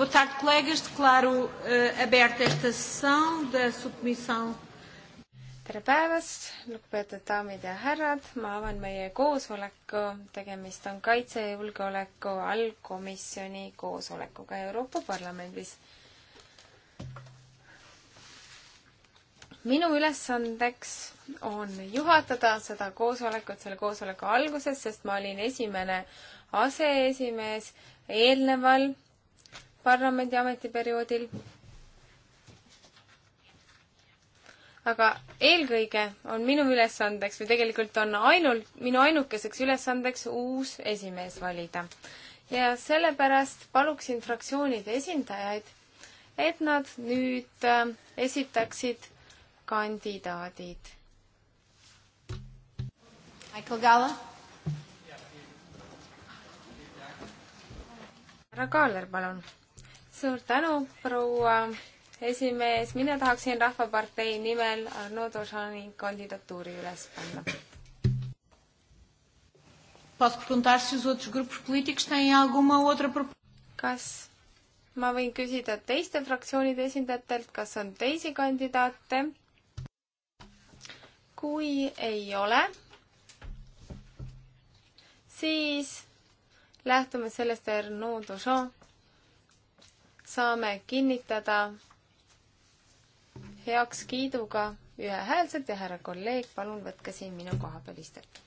Boa tarde, colegas. Declaro uh, aberta esta sessão da subcomissão. tere päevast, lugupeetud daamid ja härrad, ma avan meie koosoleku, tegemist on kaitse ja julgeoleku allkomisjoni koosolekuga Euroopa Parlamendis. minu ülesandeks on juhatada seda koosolekut selle koosoleku alguses, sest ma olin esimene aseesimees eelneval parlamendi ametiperioodil. aga eelkõige on minu ülesandeks või tegelikult on ainult, minu ainukeseks ülesandeks uus esimees valida. ja sellepärast paluksin fraktsioonide esindajaid, et nad nüüd äh, esitaksid kandidaadid. Michael Gala. härra Kaaler, palun suur tänu, proua esimees, mina tahaksin Rahvapartei nimel Arno Tošani kandidatuuri üles panna. kas ma võin küsida teiste fraktsioonide esindajatelt, kas on teisi kandidaate? kui ei ole, siis lähtume sellest, et Arno Tošan saame kinnitada heakskiiduga ühehäälselt ja härra kolleeg, palun võtke siin minu koha peal istet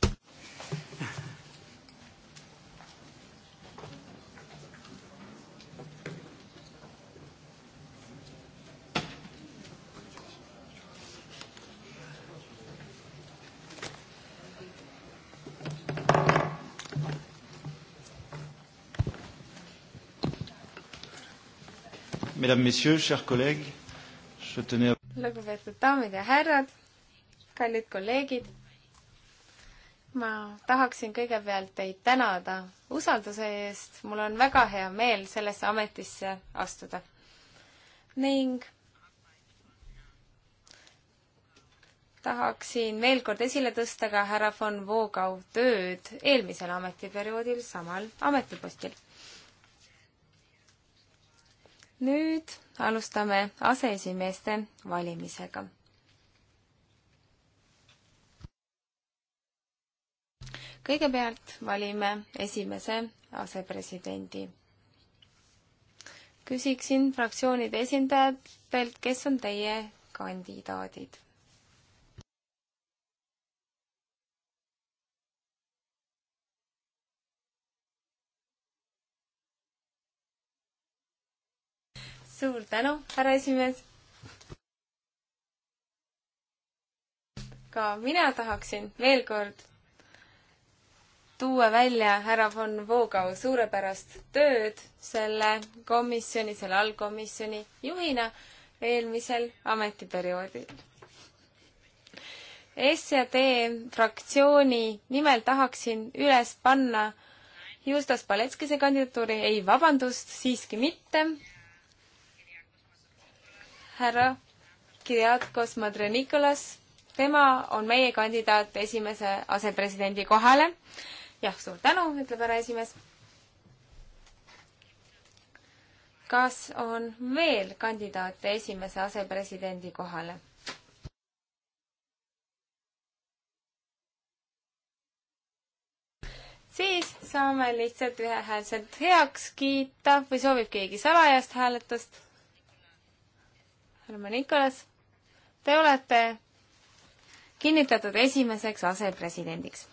mesdames, messieurs, chers collègues, je tenais à... lugupeetud daamid ja härrad, kallid kolleegid, ma tahaksin kõigepealt teid tänada usalduse eest, mul on väga hea meel sellesse ametisse astuda. ning tahaksin veel kord esile tõsta ka härra von Voogau tööd eelmisel ametiperioodil samal ametipostil nüüd alustame aseesimeeste valimisega. kõigepealt valime esimese asepresidendi. küsiksin fraktsioonide esindajatelt, kes on teie kandidaadid suur tänu, härra esimees. ka mina tahaksin veel kord tuua välja härra von Voogau suurepärast tööd selle komisjoni, selle allkomisjoni juhina eelmisel ametiperioodil. SD fraktsiooni nimel tahaksin üles panna Justas Paletskise kandidatuuri, ei vabandust, siiski mitte, härra Kirjatkos Madrenikolas. tema on meie kandidaat esimese asepresidendi kohale. jah, suur tänu, ütleb härra esimees. kas on veel kandidaate esimese asepresidendi kohale? siis saame lihtsalt ühehäälselt heaks kiita või soovib keegi salajast hääletust härra Nikolas, te olete kinnitatud esimeseks asepresidendiks.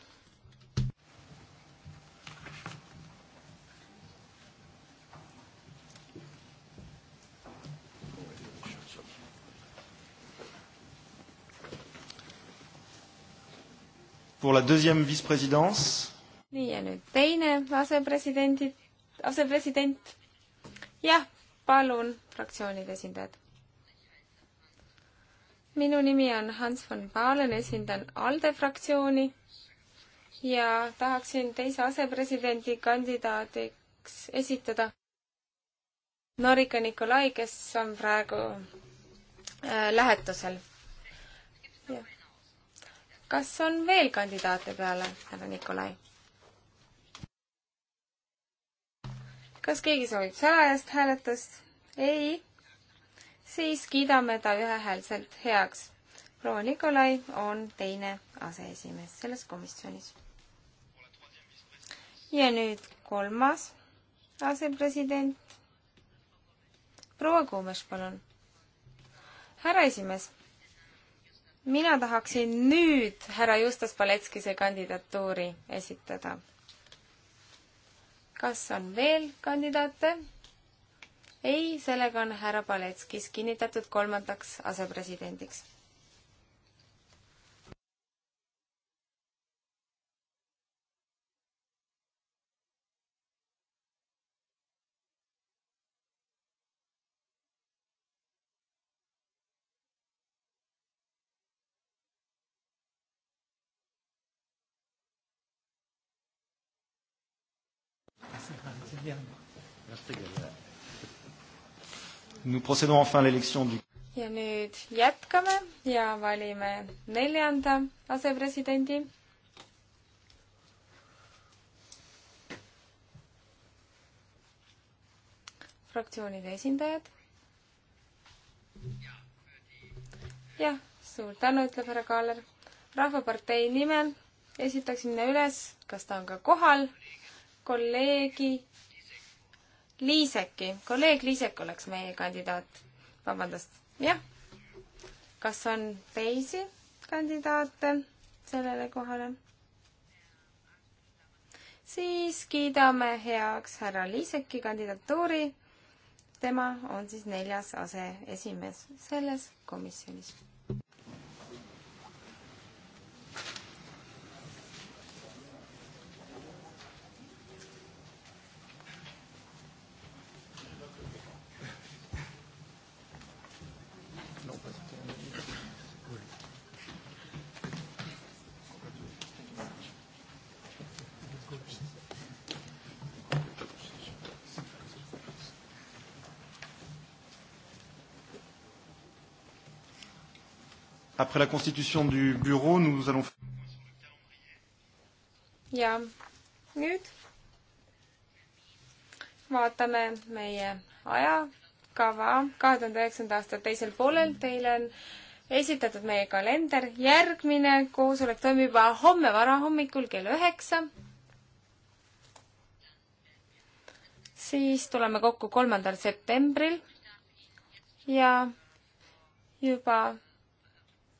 Pour la deuxième vice-présidence. nii ja nüüd teine asepresidendid, asepresident. jah, palun, fraktsioonide esindajad minu nimi on Hans von Pahlen, esindan ALDE fraktsiooni ja tahaksin teise asepresidendi kandidaadiks esitada Norika Nikolai, kes on praegu äh, lähetusel. kas on veel kandidaate peale härra Nikolai? kas keegi soovib salajast hääletust? ei siis kiidame ta ühehäälselt heaks. proua Nikolai on teine aseesimees selles komisjonis. ja nüüd kolmas asepresident. proua Kuumes, palun. härra esimees, mina tahaksin nüüd härra Justas Paletskise kandidatuuri esitada. kas on veel kandidaate? ei, sellega on härra Paletskis kinnitatud kolmandaks asepresidendiks. Grazie. Nous procédons enfin à l'élection du ja nüüd jätkame ja valime neljanda asepresidendi. fraktsioonide esindajad. jah, suur tänu, ütleb härra Kaaler. rahvapartei nimel esitaksin üles, kas ta on ka kohal, kolleegi Liiseki, kolleeg Liisek oleks meie kandidaat. vabandust, jah. kas on teisi kandidaate sellele kohale? siis kiidame heaks härra Liiseki kandidatuuri. tema on siis neljas aseesimees selles komisjonis Après la constitution du bureau, nous allons... ja nüüd vaatame meie ajakava kahe tuhande üheksanda aasta teisel poolel. Teil on esitatud meie kalender. järgmine koosolek toimub juba homme varahommikul kell üheksa. siis tuleme kokku kolmandal septembril ja juba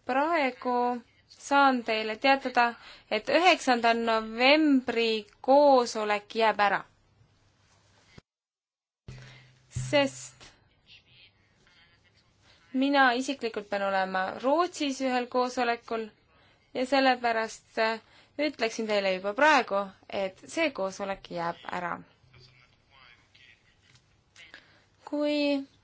praegu saan teile teatada, et üheksanda novembri koosolek jääb ära. sest mina isiklikult pean olema Rootsis ühel koosolekul ja sellepärast äh, ütleksin teile juba praegu, et see koosolek jääb ära. kui